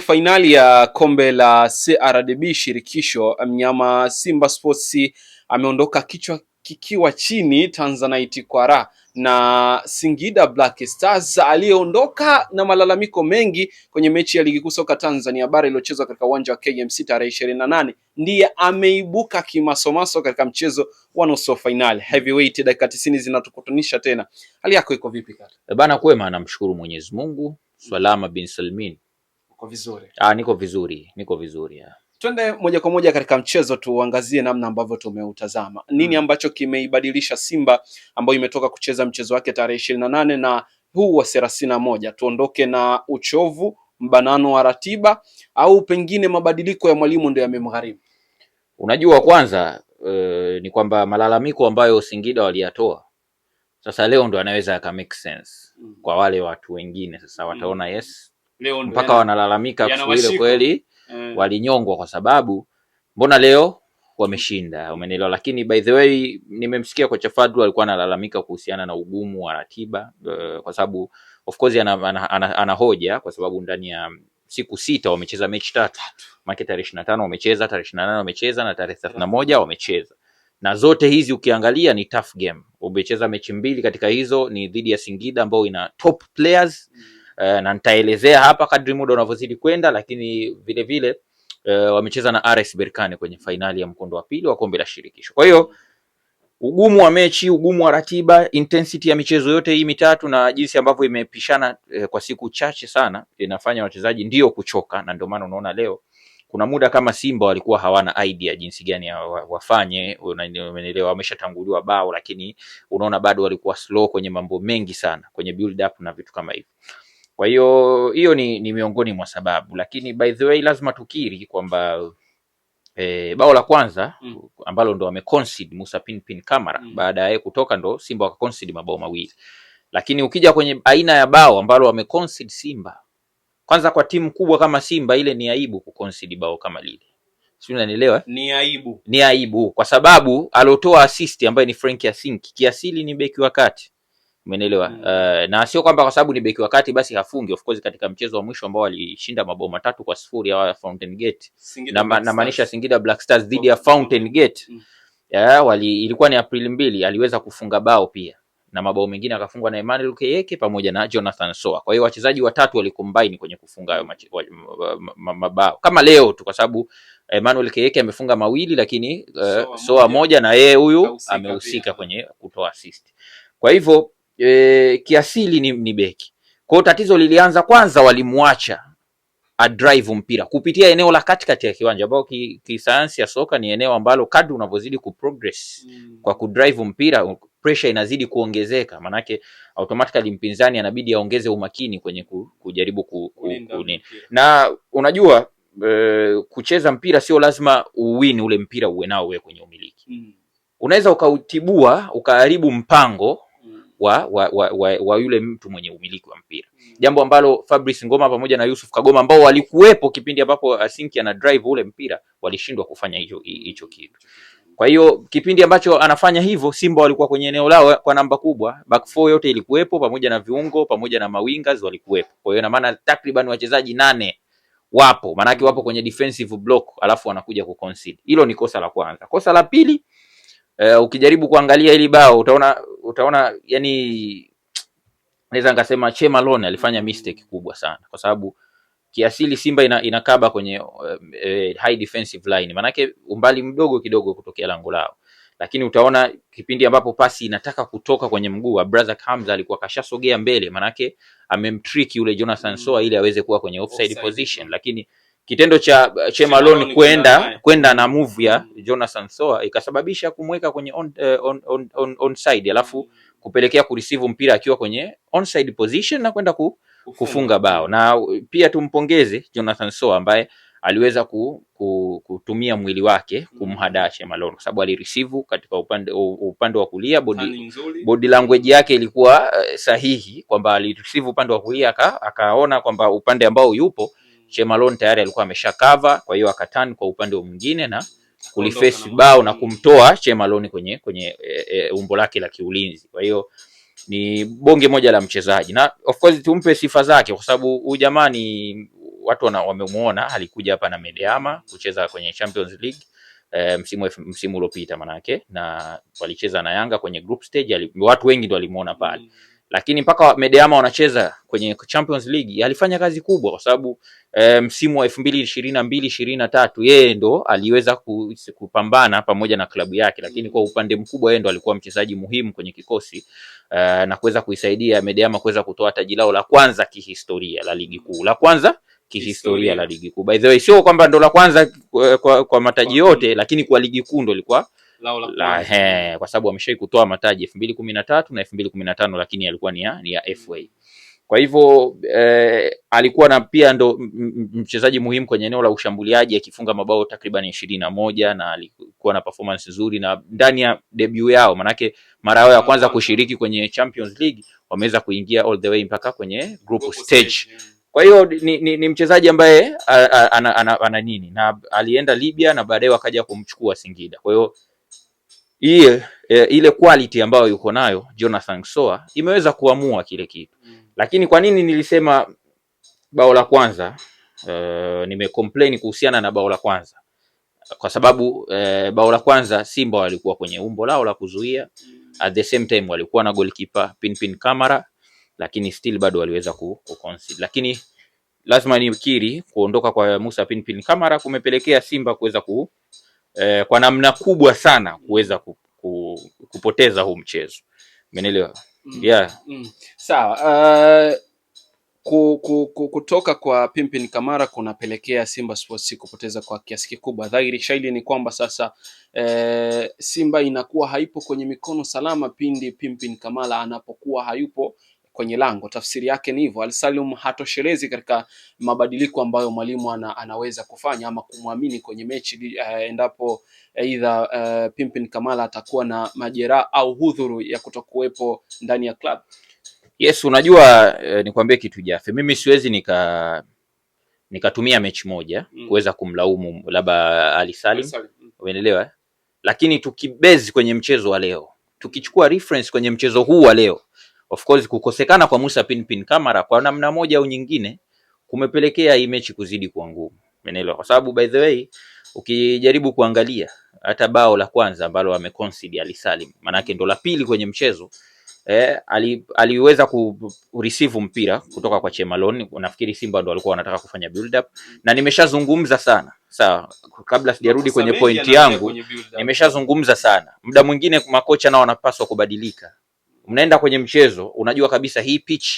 robo fainali ya kombe la CRDB shirikisho, mnyama Simba Sports ameondoka kichwa kikiwa chini Tanzanite kwa raha na Singida Black Stars aliyeondoka na malalamiko mengi kwenye mechi ya ligi kuu soka Tanzania bara iliyochezwa katika uwanja wa KMC tarehe ishirini na nane ndiye ameibuka kimasomaso katika mchezo wa nusu fainali. Heavyweight, dakika tisini zinatukutanisha tena. Hali yako iko vipi kaka? Eh, bana, kwema, namshukuru Mwenyezi Mungu. Salama bin Salmin Uko vizuri? Ah, niko vizuri, niko vizuri ya. Twende moja kwa moja katika mchezo tuangazie namna ambavyo tumeutazama. Nini hmm. ambacho kimeibadilisha Simba ambayo imetoka kucheza mchezo wake tarehe ishirini na nane na huu wa thelathini na moja? Tuondoke na uchovu, mbanano wa ratiba au pengine mabadiliko ya mwalimu ndio yamemgharimu? Unajua, kwanza e, ni kwamba malalamiko ambayo Singida waliyatoa sasa leo ndo anaweza yaka make sense hmm. kwa wale watu wengine, sasa wataona hmm. yes leo mpaka wanalalamika siku ile kweli eh, walinyongwa kwa sababu mbona leo wameshinda, umenielewa? Lakini by the way, nimemsikia kocha Fadlu alikuwa analalamika kuhusiana na ugumu wa ratiba uh, kwa sababu of course ana, ana, ana, ana hoja kwa sababu ndani ya siku sita wamecheza mechi tatu, maana tarehe ishirini tano wamecheza, tarehe ishirini na nane wamecheza na tarehe thelathini moja wamecheza, na zote hizi ukiangalia ni tough game. Umecheza mechi mbili katika hizo ni dhidi ya Singida ambao ina top players mm e, na nitaelezea hapa kadri muda unavyozidi kwenda, lakini vilevile e, eh, wamecheza na RS Berkane kwenye fainali ya mkondo wa pili wa kombe la shirikisho. Kwa hiyo ugumu wa mechi, ugumu wa ratiba, intensity ya michezo yote hii mitatu na jinsi ambavyo imepishana e, kwa siku chache sana inafanya wachezaji ndio kuchoka, na ndio maana unaona leo kuna muda kama Simba walikuwa hawana idea jinsi gani wafanye, umeelewa? Wameshatanguliwa bao, lakini unaona bado walikuwa slow kwenye mambo mengi sana, kwenye build up na vitu kama hivyo. Kwa hiyo hiyo ni, ni miongoni mwa sababu, lakini by the way lazima tukiri kwamba E, bao la kwanza mm. ambalo ndo concede Musa Pinpin Kamara mm. baada ya kutoka ndo Simba concede mabao mawili, lakini ukija kwenye aina ya bao ambalo concede Simba, kwanza kwa timu kubwa kama Simba ile ni aibu concede bao kama lile, sio? Unanielewa? Ni aibu, ni aibu kwa sababu alotoa assist ambaye ni Frank Yasinki kiasili ni beki wa kati Umeelewa? Uh, na sio kwamba kwa sababu ni beki wakati basi hafungi. Of course katika mchezo wa mwisho ambao walishinda mabao matatu kwa sifuri ya Fountain Gate, na, na maanisha Singida Black Stars dhidi ya Fountain Gate mm. yeah, wali, ilikuwa ni Aprili mbili, aliweza kufunga bao pia na mabao mengine akafungwa na Emmanuel Keyeke pamoja na Jonathan Soa. Kwa hiyo wachezaji watatu walikombaini kwenye kufunga hayo mabao kama leo tu, kwa sababu Emmanuel Keyeke amefunga mawili, lakini uh, Soa moja na yeye huyu amehusika kwenye kutoa assist. Kwa hivyo e, kiasili ni, ni beki. Kwa hiyo tatizo lilianza kwanza, walimwacha adrive mpira kupitia eneo la katikati ya kiwanja ambao kisayansi ki ya soka ni eneo ambalo kadri unavyozidi kuprogress mm. kwa kudrive mpira pressure inazidi kuongezeka, manake automatically mpinzani anabidi aongeze umakini kwenye kujaribu ku, ku, kunini. Na unajua e, kucheza mpira sio lazima uwin ule mpira uwe nao uwe kwenye umiliki mm. unaweza ukautibua ukaharibu mpango wa, wa, wa, wa, wa yule mtu mwenye umiliki wa mpira mm. Jambo ambalo Fabrice Ngoma pamoja na Yusuf Kagoma ambao walikuwepo kipindi ambapo Asinki ana drive ule mpira walishindwa kufanya hicho hicho kitu. Kwa hiyo kipindi ambacho anafanya hivyo, Simba walikuwa kwenye eneo lao eh, kwa namba kubwa, back four yote ilikuwepo pamoja na viungo pamoja na mawingers walikuwepo. Kwa hiyo na maana takriban wachezaji nane wapo, maanake wapo kwenye defensive block, alafu wanakuja kuconcede. Hilo ni kosa la kwanza. Kosa la pili uh, ukijaribu kuangalia hili bao utaona utaona yani, naweza nikasema Che alifanya mistake kubwa sana, kwa sababu kiasili Simba ina, inakaba kwenye uh, uh, high defensive line, maanake umbali mdogo kidogo kutokea lango lao, lakini utaona kipindi ambapo pasi inataka kutoka kwenye mguu wa brother Hamza alikuwa kashasogea mbele, maanake amemtrick yule Jonathan Soa mm. ili aweze kuwa kwenye offside, offside position, lakini kitendo cha eh, Che kwenda kwenda na move ya Jonathan Soa ikasababisha kumweka kwenye on, eh, on, on, on, onside alafu kupelekea kureceive mpira akiwa kwenye onside position na kwenda ku, kufunga bao. Na uh, pia tumpongeze Jonathan Soa ambaye aliweza ku, ku, kutumia mwili wake mm. kumhadaa Che kwa sababu alireceive katika upande upande wa kulia, body, body language yake ilikuwa eh, sahihi kwamba alireceive upande wa kulia akaona kwamba upande ambao yupo mm. Che tayari alikuwa amesha cover, kwa hiyo akatani kwa upande mwingine na kuliface bao na kumtoa Che kwenye, kwenye e, e, umbo lake la kiulinzi. Kwa hiyo ni bonge moja la mchezaji na of course tumpe sifa zake kwa sababu huyu jamani watu wamemuona, alikuja hapa na Medeama kucheza kwenye Champions League e, msimu msimu uliopita manake, na walicheza na Yanga kwenye group stage, watu wengi ndio walimuona pale. Mm lakini mpaka Medeama wanacheza kwenye Champions League alifanya kazi kubwa, kwa sababu e, msimu wa elfu mbili ishirini na mbili ishirini na tatu yeye ndo aliweza kupambana pamoja na klabu yake, lakini kwa upande mkubwa yeye ndo alikuwa mchezaji muhimu kwenye kikosi e, na kuweza kuisaidia Medeama kuweza kutoa taji lao la kwanza kihistoria la ligi kuu la kwanza kihistoria la ligi kuu. By the way, sio kwamba ndo la kwanza kwa, eh, kwa, kwa mataji yote, lakini kwa ligi kuu ndo ilikuwa lao la he, kwa sababu ameshai kutoa mataji elfu mbili kumi na tatu na elfu mbili kumi na tano lakini yalikuwa ni ya, ni ya FA. Mm. Kwa hivyo eh, alikuwa na pia ndo mchezaji muhimu kwenye eneo la ushambuliaji akifunga mabao takriban ishirini na moja na alikuwa na performance nzuri na ndani ya debut yao, manake mara yao ya kwanza mm. kushiriki kwenye Champions League wameweza kuingia all the way mpaka kwenye group stage. Kwa hiyo ni, ni, ni mchezaji ambaye ana, ana, ana, ana nini na alienda Libya na baadaye wakaja kumchukua Singida. Kwa hiyo ile e, ile quality ambayo yuko nayo Jonathan Soa imeweza kuamua kile kitu mm. Lakini kwa nini nilisema bao la kwanza e, nimecomplain kuhusiana na bao la kwanza kwa sababu e, bao la kwanza Simba walikuwa kwenye umbo lao la kuzuia mm. At the same time walikuwa na goalkeeper Pinpin Kamara, lakini still bado waliweza ku, ku concede. Lakini lazima nikiri kuondoka kwa Musa Pinpin Kamara kumepelekea Simba kuweza ku eh, kwa namna kubwa sana kuweza ku, ku, kupoteza huu mchezo umeelewa? mm. yeah. mm. Sawa. Uh... Kutoka kwa Pimpin Kamara kunapelekea Simba Sports kupoteza kwa kiasi kikubwa. Dhahiri shaili ni kwamba sasa e, Simba inakuwa haipo kwenye mikono salama pindi Pimpin Kamara anapokuwa hayupo kwenye lango. Tafsiri yake ni hivyo, Alsalum hatoshelezi katika mabadiliko ambayo mwalimu ana, anaweza kufanya ama kumwamini kwenye mechi uh, endapo aidha uh, eh, eh, Pimpin Kamala atakuwa na majeraha au hudhuru ya kutokuwepo ndani ya club. Yes, unajua eh, nikwambie kitu Jafe, mimi siwezi nika nikatumia mechi moja mm. kuweza kumlaumu labda Ali Salim, mm. umeelewa? Lakini tukibezi kwenye mchezo wa leo, tukichukua reference kwenye mchezo huu wa leo Of course kukosekana kwa Musa Pinpin Kamara kwa namna moja au nyingine kumepelekea hii mechi kuzidi kuwa ngumu, umeelewa? Kwa sababu by the way ukijaribu kuangalia hata bao la kwanza ambalo ameconcede Ali Salim, maanake ndo la pili kwenye mchezo eh, ali, aliweza ku receive mpira kutoka kwa Chemalon. Nafikiri Simba ndo walikuwa wanataka kufanya build up, na nimeshazungumza sana sawa, kabla sijarudi kwenye pointi yangu, nimeshazungumza sana. Muda mwingine makocha nao wanapaswa kubadilika mnaenda kwenye mchezo, unajua kabisa hii pitch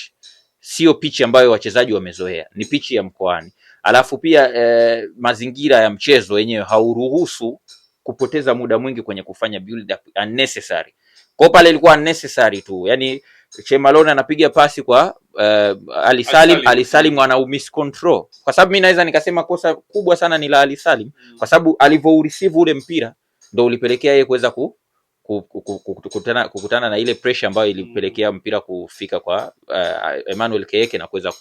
sio pitch ambayo wachezaji wamezoea, ni pitch ya mkoani. Alafu pia e, mazingira ya mchezo yenyewe hauruhusu kupoteza muda mwingi kwenye kufanya build up unnecessary. Kwa pale ilikuwa unnecessary tu, yani Chemalone anapiga pasi kwa uh, Ali Salim, Ali Salim ana miscontrol, kwa sababu mimi naweza nikasema kosa kubwa sana ni la Ali Salim, mm. kwa sababu alivyo receive ule mpira ndo ulipelekea yeye kuweza ku kukutana, kukutana na ile pressure ambayo mm. ilipelekea mpira kufika kwa uh, Emmanuel Keke na kuweza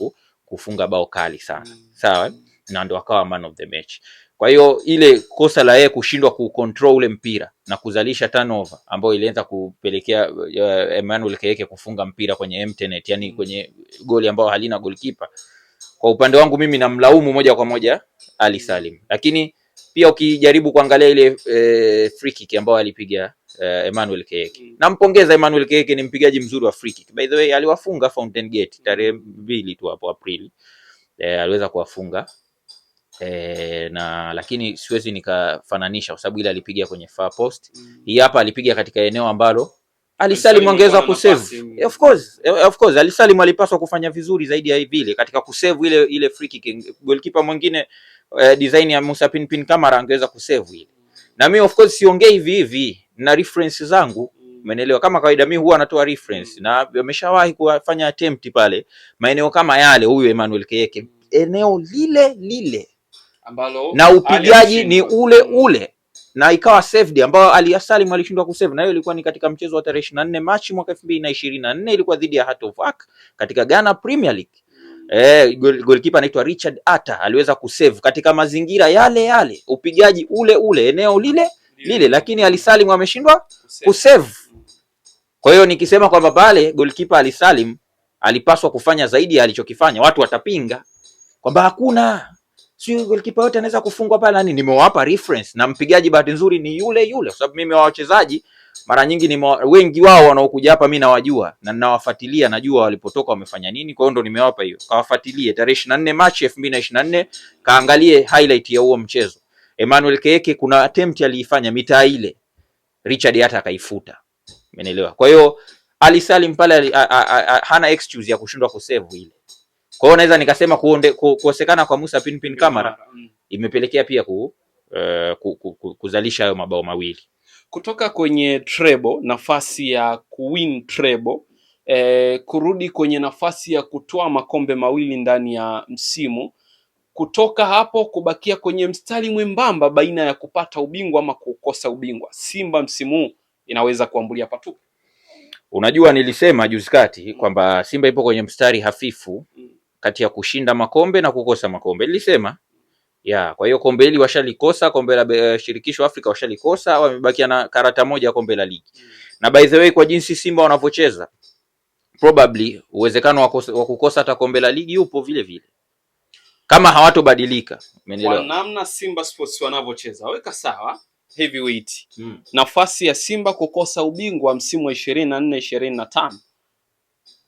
kufunga bao kali sana mm. sawa, na ndo akawa man of the match. Kwa hiyo ile kosa la yeye kushindwa kucontrol ule mpira na kuzalisha turnover ambayo ilianza kupelekea uh, Emmanuel Keke kufunga mpira kwenye mtenet, yani mm. kwenye goli ambayo halina goalkeeper. Kwa upande wangu mimi namlaumu moja kwa moja Ali Salim, lakini pia ukijaribu kuangalia ile eh, free kick ambayo alipiga uh, Emmanuel Keke mm. Nampongeza Emmanuel Keke, ni mpigaji mzuri wa free kick. By the way, aliwafunga Fountain Gate tarehe mbili tu hapo Aprili eh, aliweza kuwafunga eh, na lakini siwezi nikafananisha kwa sababu ile alipiga kwenye far post mm. Hii hapa alipiga katika eneo ambalo Alisalim angeweza kusave. Eh, of course, eh, of course Alisalim alipaswa kufanya vizuri zaidi ya vile katika kusave ile ile free kick. Goalkeeper mwingine uh, design ya Musa Pinpin Kamara angeweza kusave ile. Mm. Na mimi of course siongei hivi hivi na reference zangu mm. Umeelewa? Kama kawaida mimi huwa natoa reference mm. na wameshawahi kufanya attempt pale maeneo kama yale, huyu Emmanuel Keyeke, mm. eneo lile lile ambalo na upigaji ni ule ule na ikawa saved, ambao aliasalim Salim alishindwa kusave, na hiyo ilikuwa ni katika mchezo wa tarehe 24 Machi mwaka 2024 ilikuwa dhidi ya Hearts of Oak katika Ghana Premier League. Eh, goalkeeper anaitwa Richard Atta aliweza kusave katika mazingira yale yale, upigaji ule ule, eneo lile lile, lakini Alisalim ameshindwa kusave. Kwa hiyo nikisema kwamba pale goalkeeper Alisalim alipaswa kufanya zaidi ya alichokifanya, watu watapinga kwamba hakuna sio goalkeeper yote anaweza kufungwa pale nani. Nimewapa reference na mpigaji bahati nzuri ni yule yule, kwa sababu mimi wa wachezaji mara nyingi ni mwa... wengi wao wanaokuja hapa mimi nawajua na ninawafuatilia, najua walipotoka wamefanya nini. Kwa hiyo ndo nimewapa hiyo, kawafuatilie tarehe 24 Machi 2024, kaangalie highlight ya huo mchezo. Emmanuel Keke kuna attempt aliifanya mitaa ile Richard hata akaifuta, umeelewa? Kwa hiyo Ali Salim pale hana excuse ya kushindwa kusave ile. Kwa hiyo naweza nikasema kukosekana kwa Musa Pinpin Kamara mm. imepelekea pia ku, uh, ku, ku, ku, kuzalisha hayo mabao mawili kutoka kwenye treble, nafasi ya kuwin treble eh, kurudi kwenye nafasi ya kutoa makombe mawili ndani ya msimu kutoka hapo kubakia kwenye mstari mwembamba baina ya kupata ubingwa ama kukosa ubingwa. Simba msimu huu inaweza kuambulia patupu. Unajua, nilisema juzi kati kwamba Simba ipo kwenye mstari hafifu mm. kati ya kushinda makombe na kukosa makombe, nilisema ya. Kwa hiyo kombe hili washalikosa, kombe la eh, shirikisho Afrika washalikosa, wamebakia na karata moja ya kombe la ligi. Mm. Na by the way, kwa jinsi Simba wanavyocheza probably uwezekano wa kukosa hata kombe la ligi upo vile vile kama hawatobadilika. Kwa namna Simba Sports wanavyocheza, weka sawa Heavyweight hmm. Nafasi ya Simba kukosa ubingwa msimu wa 24 25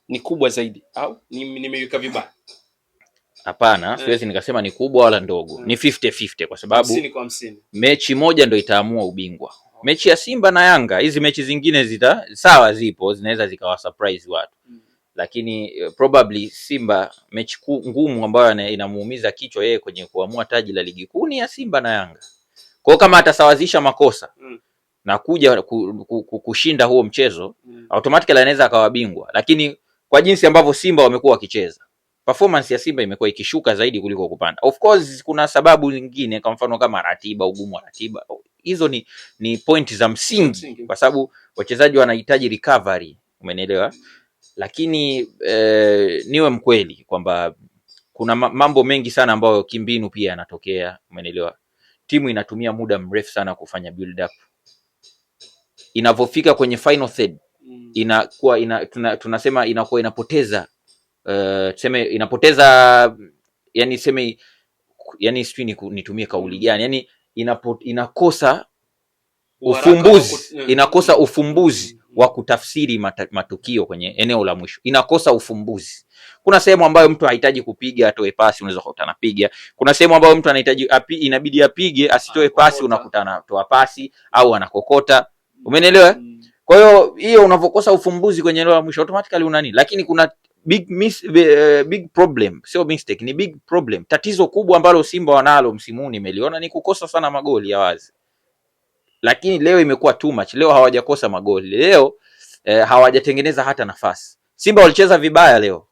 ni kubwa zaidi au nimeweka ni vibaya? Hapana, eh. siwezi nikasema ni kubwa wala ndogo hmm. Ni 50-50 kwa sababu hamsini kwa hamsini. Mechi moja ndo itaamua ubingwa mechi ya Simba na Yanga. Hizi mechi zingine zita sawa, zipo zinaweza zikawa surprise watu hmm lakini eh, probably Simba mechi ngumu ambayo inamuumiza kichwa yeye kwenye kuamua taji la ligi kuu ni ya Simba na Yanga. Kwa hiyo kama atasawazisha makosa mm. na kuja ku, ku, ku, kushinda huo mchezo mm. automatically anaweza akawa bingwa, lakini kwa jinsi ambavyo Simba wamekuwa wakicheza performance ya Simba imekuwa ikishuka zaidi kuliko kupanda. Of course kuna sababu nyingine, kwa mfano kama ratiba, ugumu wa ratiba. Hizo ni, ni point za msingi, kwa sababu wachezaji wanahitaji recovery, umenielewa? lakini e, niwe mkweli kwamba kuna mambo mengi sana ambayo kimbinu pia yanatokea. Umeelewa, timu inatumia muda mrefu sana kufanya build up, inavyofika kwenye final third mm. inakuwa ina, tuna, tunasema inakuwa inapoteza uh, tuseme inapoteza yani seme yani sijui nitumie kauli mm. gani yani inapo, inakosa ufumbuzi inakosa ufumbuzi mm wa kutafsiri matukio kwenye eneo la mwisho inakosa ufumbuzi. Kuna sehemu ambayo mtu hahitaji kupiga atoe pasi, unaweza kukuta anapiga. Kuna sehemu ambayo mtu anahitaji api, inabidi apige asitoe pasi, unakuta anatoa pasi au anakokota. Umeelewa? Mm. Kwa hiyo hiyo unavyokosa ufumbuzi kwenye eneo la mwisho automatically una nini, lakini kuna big miss, eh, big problem, sio mistake, ni big problem. Tatizo kubwa ambalo Simba wanalo msimu huu nimeliona ni kukosa sana magoli ya wazi lakini leo imekuwa too much. Leo hawajakosa magoli leo eh, hawajatengeneza hata nafasi. Simba walicheza vibaya leo,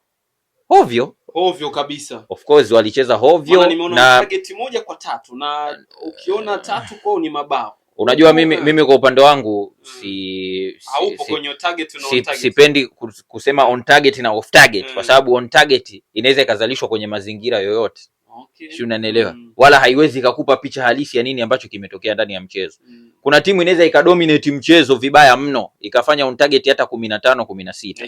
ovyo ovyo kabisa. Of course walicheza hovyo na target moja kwa tatu, na ukiona tatu kwao ni mabao. Unajua mimi, mimi kwa upande wangu si, hmm. si, si, target na si, target. Sipendi kusema on target na off target hmm. kwa sababu on target inaweza ikazalishwa kwenye mazingira yoyote okay. si unanielewa hmm. wala haiwezi ikakupa picha halisi ya nini ambacho kimetokea ndani ya mchezo hmm kuna timu inaweza ikadominate mchezo vibaya mno ikafanya on target hata kumi na tano kumi na sita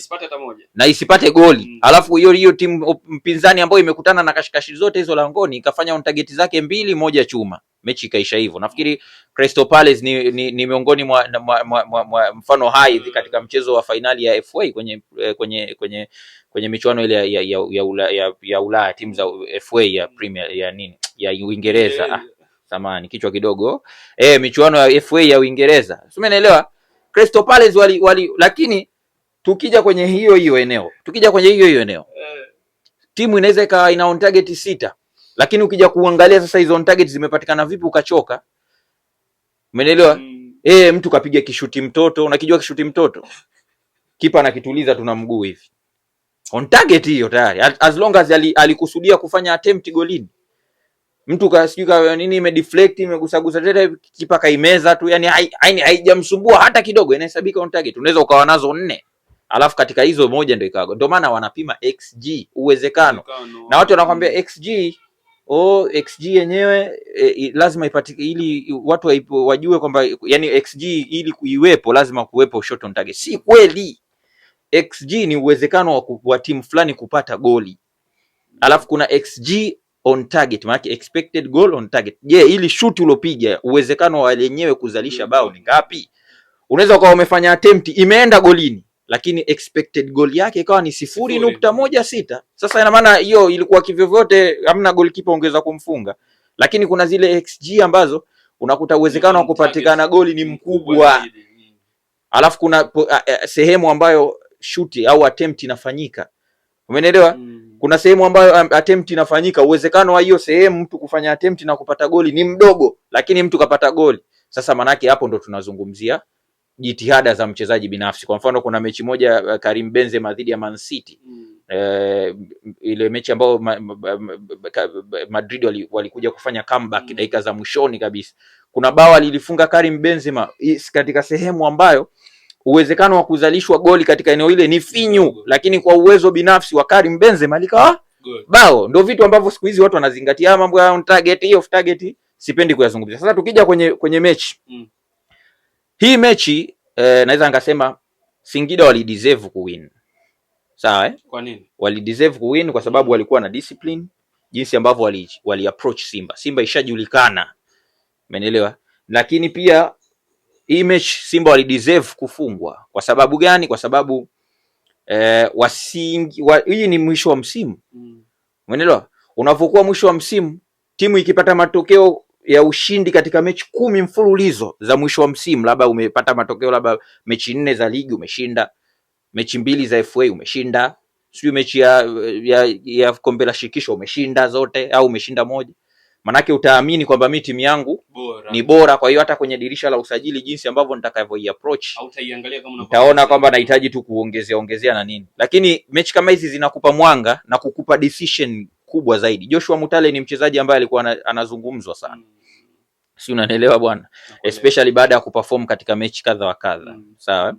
na isipate goli mm. Alafu hiyo hiyo timu mpinzani ambayo imekutana na kashikashi zote hizo langoni ikafanya on target zake mbili moja chuma, mechi ikaisha hivyo. Nafikiri Crystal Palace ni, ni, ni miongoni mwa, mwa, mwa, mwa, mwa mfano hai mm. katika mchezo wa fainali ya FA kwenye eh, kwenye kwenye kwenye michuano ile ya, ya, ya, ya, ya Ulaya timu za FA ya mm. Premier ya nini ya Uingereza yeah, yeah samani kichwa kidogo eh, michuano ya FA ya Uingereza, umeelewa? Crystal Palace wali, wali, lakini tukija kwenye hiyo hiyo eneo tukija kwenye hiyo hiyo eneo timu inaweza ikawa ina on target sita, lakini ukija kuangalia sasa hizo on target zimepatikana vipi, ukachoka, umeelewa? mm. E, mtu kapiga kishuti mtoto, unakijua kishuti mtoto kipa anakituliza tuna mguu hivi on target hiyo tayari, as long as alikusudia ali kufanya attempt golini mtu kasijui ka nini imedeflect imegusagusa tena kipa kaimeza tu, yani haijamsumbua hata kidogo, inahesabika on target. Unaweza ukawa nazo nne alafu katika hizo moja ndio ikago. Ndio maana wanapima xG uwezekano, na watu wanakwambia xG oh, xG yenyewe eh, lazima ipatike ili watu waipo, wajue kwamba yani xG ili iwepo lazima kuwepo shot on target. Si kweli, xG ni uwezekano wa, wa timu fulani kupata goli alafu kuna xG on target, maana expected goal on target. Je, ili shoot ulopiga uwezekano wa lenyewe kuzalisha bao ni ngapi? Unaweza ukawa umefanya attempt imeenda golini, lakini expected goal yake ikawa ni sifuri nukta moja sita. Sasa ina maana hiyo ilikuwa kivyovyote, hamna goalkeeper ongeza kumfunga, lakini kuna zile xG ambazo unakuta uwezekano wa mm, kupatikana goli ni mkubwa, mm. alafu kuna sehemu ambayo shuti au attempt inafanyika, umeelewa? Mm kuna sehemu ambayo attempt inafanyika, uwezekano wa hiyo sehemu mtu kufanya attempt na kupata goli ni mdogo, lakini mtu kapata goli. Sasa manake hapo ndo tunazungumzia jitihada za mchezaji binafsi. Kwa mfano, kuna mechi moja eh, Karim Benzema dhidi ya Man City mm. E, ile mechi ambayo ma, ma, ma, ma, Madrid walikuja wali kufanya comeback mm. dakika za mwishoni kabisa, kuna bao alilifunga Karim Benzema katika sehemu ambayo uwezekano wa kuzalishwa goli katika eneo ile ni finyu, lakini kwa uwezo binafsi wa Karim Benzema likawa bao. Ndio vitu ambavyo siku hizi watu wanazingatia ah, mambo ya on target, off target, sipendi kuyazungumzia. Sasa tukija kwenye kwenye mechi mm. hii mechi eh, naweza ngasema Singida wali deserve walideserve win sawa eh? Kwa nini wali deserve walideserve win? Kwa sababu walikuwa na discipline jinsi ambavyo wali, wali approach Simba. Simba ishajulikana, umeelewa, lakini pia hii mechi Simba walideserve kufungwa. Kwa sababu gani? Kwa sababu eh, wasingi wa, hii ni mwisho wa msimu mm. Umeelewa? Unapokuwa mwisho wa msimu, timu ikipata matokeo ya ushindi katika mechi kumi mfululizo za mwisho wa msimu, labda umepata matokeo labda mechi nne za ligi umeshinda, mechi mbili za FA umeshinda, sijui mechi ya, ya, ya kombe la shirikisho umeshinda zote au umeshinda moja manake utaamini kwamba mi timu yangu bora, ni bora. Kwa hiyo hata kwenye dirisha la usajili jinsi ambavyo nitakavyoiapproach utaona kwamba nahitaji tu kuongezea ongezea na nini, lakini mechi kama hizi zinakupa mwanga na kukupa decision kubwa zaidi. Joshua Mutale ni mchezaji ambaye alikuwa anazungumzwa sana hmm. Si unanielewa bwana, especially baada ya kuperform katika mechi kadha wa kadha hmm. Sawa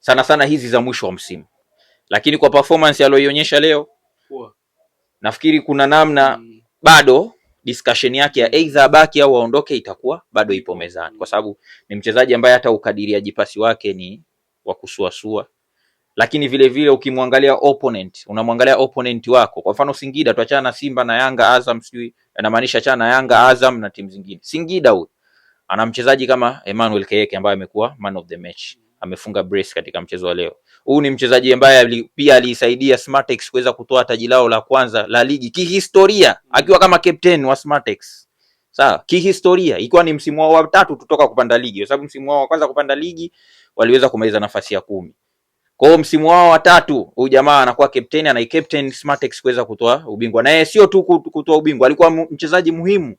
sana sana hizi za mwisho wa msimu, lakini kwa performance aliyoionyesha leo Uwa. nafikiri kuna namna hmm. bado discussion yake ya either abaki au aondoke itakuwa bado ipo mezani, kwa sababu ni mchezaji ambaye hata ukadiriaji pasi wake ni wa kusuasua, lakini vile vile ukimwangalia opponent, unamwangalia opponent wako. Kwa mfano Singida, tuachana na Simba na Yanga, Azam, sijui anamaanisha achana na Yanga, Azam na timu zingine. Singida huyu ana mchezaji kama Emmanuel Keke ambaye amekuwa man of the match, amefunga brace katika mchezo wa leo huu ni mchezaji ambaye pia aliisaidia Smartex kuweza kutoa taji lao la kwanza la ligi kihistoria, akiwa kama captain wa Smartex. Sawa, kihistoria ikiwa ni msimu wao wa tatu kutoka kupanda ligi, kwa sababu msimu wao wa kwanza kupanda ligi waliweza kumaliza nafasi ya kumi. Kwa hiyo msimu wao wa tatu huyu jamaa anakuwa captain, captain Smartex kuweza kutoa ubingwa, naye sio tu kutoa ubingwa, alikuwa mchezaji muhimu,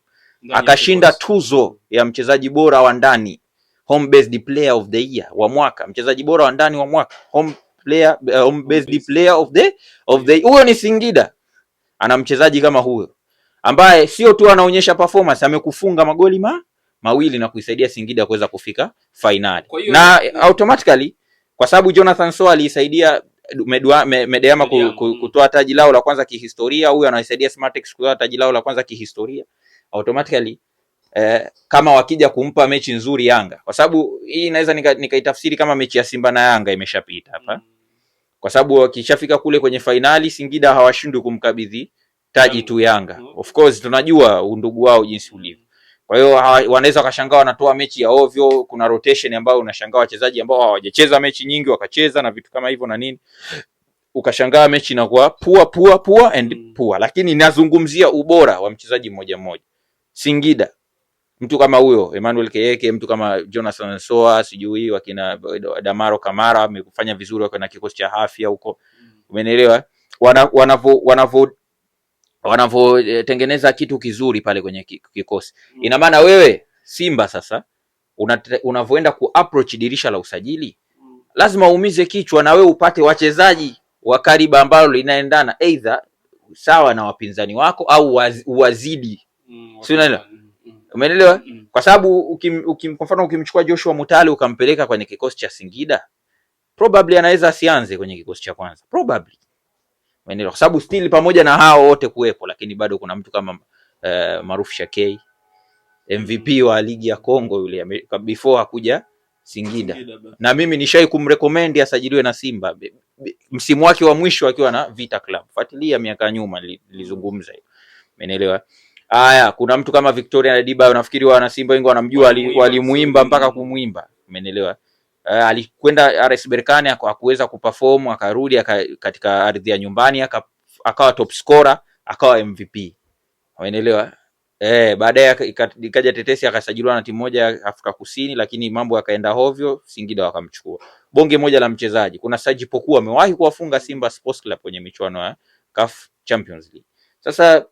akashinda tuzo ya mchezaji bora wa ndani home based player of the year wa mwaka, mchezaji bora wa ndani wa mwaka, home player, uh, eh, home based player of the of the. Huyo ni Singida, ana mchezaji kama huyo ambaye sio tu anaonyesha performance, amekufunga magoli ma mawili na kuisaidia Singida kuweza kufika finali na automatically, kwa sababu Jonathan Soa aliisaidia Medeama kutoa taji lao la kwanza kihistoria, huyu anaisaidia Smartex kutoa taji lao la kwanza kihistoria automatically eh, kama wakija kumpa mechi nzuri Yanga, kwa sababu hii naweza nikaitafsiri nika kama mechi ya Simba na Yanga imeshapita hapa, mm. kwa sababu wakishafika kule kwenye fainali Singida hawashindwi kumkabidhi taji tu Yanga. Mm. Of course tunajua undugu wao jinsi ulivyo, kwa hiyo wanaweza wakashangaa wanatoa mechi ya ovyo. Kuna rotation ambayo unashangaa wachezaji ambao hawajacheza mechi nyingi wakacheza na vitu kama hivyo na nini, ukashangaa mechi inakuwa pua pua pua and mm. pua, lakini nazungumzia ubora wa mchezaji mmoja mmoja Singida mtu kama huyo Emmanuel Keyeke, mtu kama Jonathan Soa, sijui wakina Damaro Kamara wamefanya vizuri wako na kikosi cha afya huko, mm. umenielewa? Wanavyo wanavyo wanavyotengeneza eh, kitu kizuri pale kwenye kikosi. Mm. Ina maana wewe Simba sasa unavyoenda ku approach dirisha la usajili, mm. lazima uumize kichwa na wewe upate wachezaji wa kariba ambalo linaendana either sawa na wapinzani wako au wazidi, si unaelewa? Umeelewa? Kwa sababu ukim, ukim, kwa mfano ukimchukua Joshua Mutale ukampeleka kwenye kikosi cha Singida, probably anaweza asianze kwenye kikosi cha kwanza. Probably. Umeelewa? Kwa sababu still pamoja na hao wote kuwepo, lakini bado kuna mtu kama uh, Maruf Shakei MVP wa ligi ya Kongo yule before hakuja Singida. Singida na mimi nishai kumrekomendi asajiliwe na Simba msimu wake wa mwisho akiwa na Vita Club. Fuatilia miaka nyuma nilizungumza hiyo. Umeelewa? Haya, kuna mtu kama Victoria Adiba, nafikiri Simba wengi wanamjua, walimuimba wali mpaka kumuimba, umeelewa? Uh, alikwenda RS Berkane hakuweza kuperform, akarudi aka, katika ardhi ya nyumbani aka, akawa top scorer, akawa MVP, umeelewa? Eh, baadaye ikaja tetesi akasajiliwa na timu moja ya Afrika Kusini, lakini mambo yakaenda hovyo, Singida wakamchukua. Bonge moja la mchezaji, kuna Saji Pokua amewahi kuwafunga Simba Sports Club kwenye michuano ya CAF Champions League. Sasa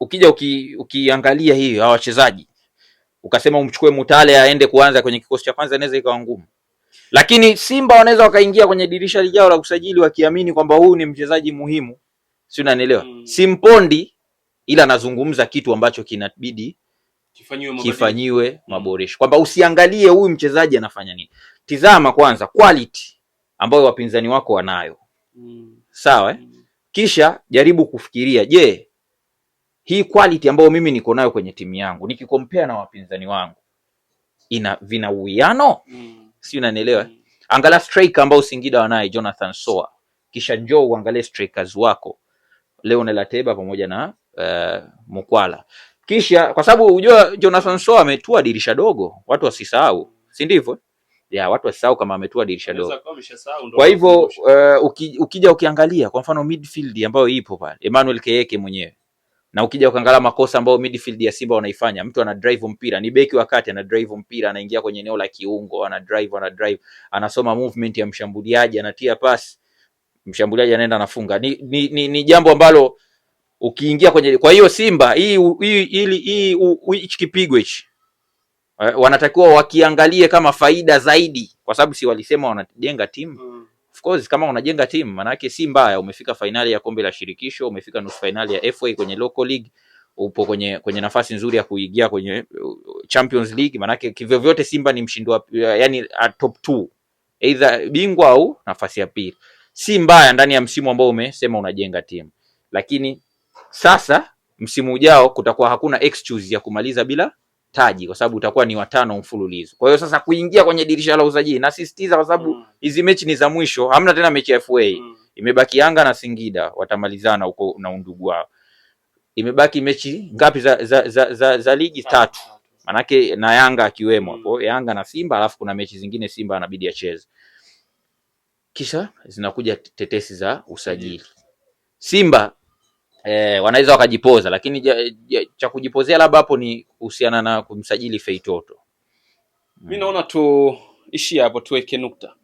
ukija uki, ukiangalia hii hawa wachezaji ukasema umchukue Mutale aende kuanza kwenye kikosi cha kwanza inaweza ikawa ngumu, lakini Simba wanaweza wakaingia kwenye dirisha lijao la usajili wakiamini kwamba huyu ni mchezaji muhimu, si unanielewa? Hmm. Simpondi ila anazungumza kitu ambacho kinabidi kifanyiwe, kifanyiwe hmm. maboresho, kwamba usiangalie huyu mchezaji anafanya nini, tizama kwanza quality ambayo wapinzani wako wanayo. Hmm. Sawa eh? Hmm. Kisha jaribu kufikiria, je, hii quality ambayo mimi niko nayo kwenye timu yangu nikikompea na wapinzani wangu ina vina uwiano mm. si unanielewa mm. Angalia striker ambao Singida wanaye Jonathan Soa, kisha njoo uangalie strikers wako Leonel Ateba pamoja na uh, Mukwala, kisha kwa sababu unajua Jonathan Soa ametua dirisha dogo, watu wasisahau, si ndivyo? ya watu wasisahau kama ametua dirisha dogo. Kwa hivyo uh, ukija ukiangalia kwa mfano midfield ambayo ipo pale Emmanuel Keyeke mwenyewe na ukija ukaangalia makosa ambayo midfield ya Simba wanaifanya, mtu ana drive mpira, ni beki wakati ana drive mpira, anaingia kwenye eneo la kiungo, ana drive, ana drive, anasoma movement ya mshambuliaji, anatia pass, mshambuliaji anaenda anafunga. Ni, ni, ni, ni jambo ambalo ukiingia kwenye, kwa hiyo Simba hii hii hichi kipigo hichi eh, wanatakiwa wakiangalie kama faida zaidi, kwa sababu si walisema wanajenga timu mm course kama unajenga timu manake si mbaya, umefika fainali ya kombe la shirikisho, umefika nusu fainali ya FA kwenye local league, upo kwenye kwenye nafasi nzuri ya kuingia kwenye uh, Champions League. Manake kivyovyote Simba ni mshindi wa yani top 2 either bingwa au nafasi ya pili, si mbaya ndani ya msimu ambao umesema unajenga timu, lakini sasa msimu ujao kutakuwa hakuna excuse ya kumaliza bila taji kwa sababu utakuwa ni watano mfululizo. Kwa hiyo sasa kuingia kwenye dirisha la uzaji, nasisitiza kwa sababu mm. hizi mm. mechi ni za mwisho, hamna tena mechi ya FA mm. imebaki Yanga na Singida watamalizana huko na undugu wao. Imebaki mechi ngapi za, za, za, za, za ligi? Tatu, manake na Yanga akiwemo mm. hapo mm. Yanga na Simba, alafu kuna mechi zingine Simba anabidi acheze, kisha zinakuja tetesi za usajili mm. Simba eh, wanaweza wakajipoza, lakini ja, ja, cha kujipozea labda hapo ni kuhusiana na kumsajili Feitoto. Mimi naona tuishie hapo, tuweke nukta.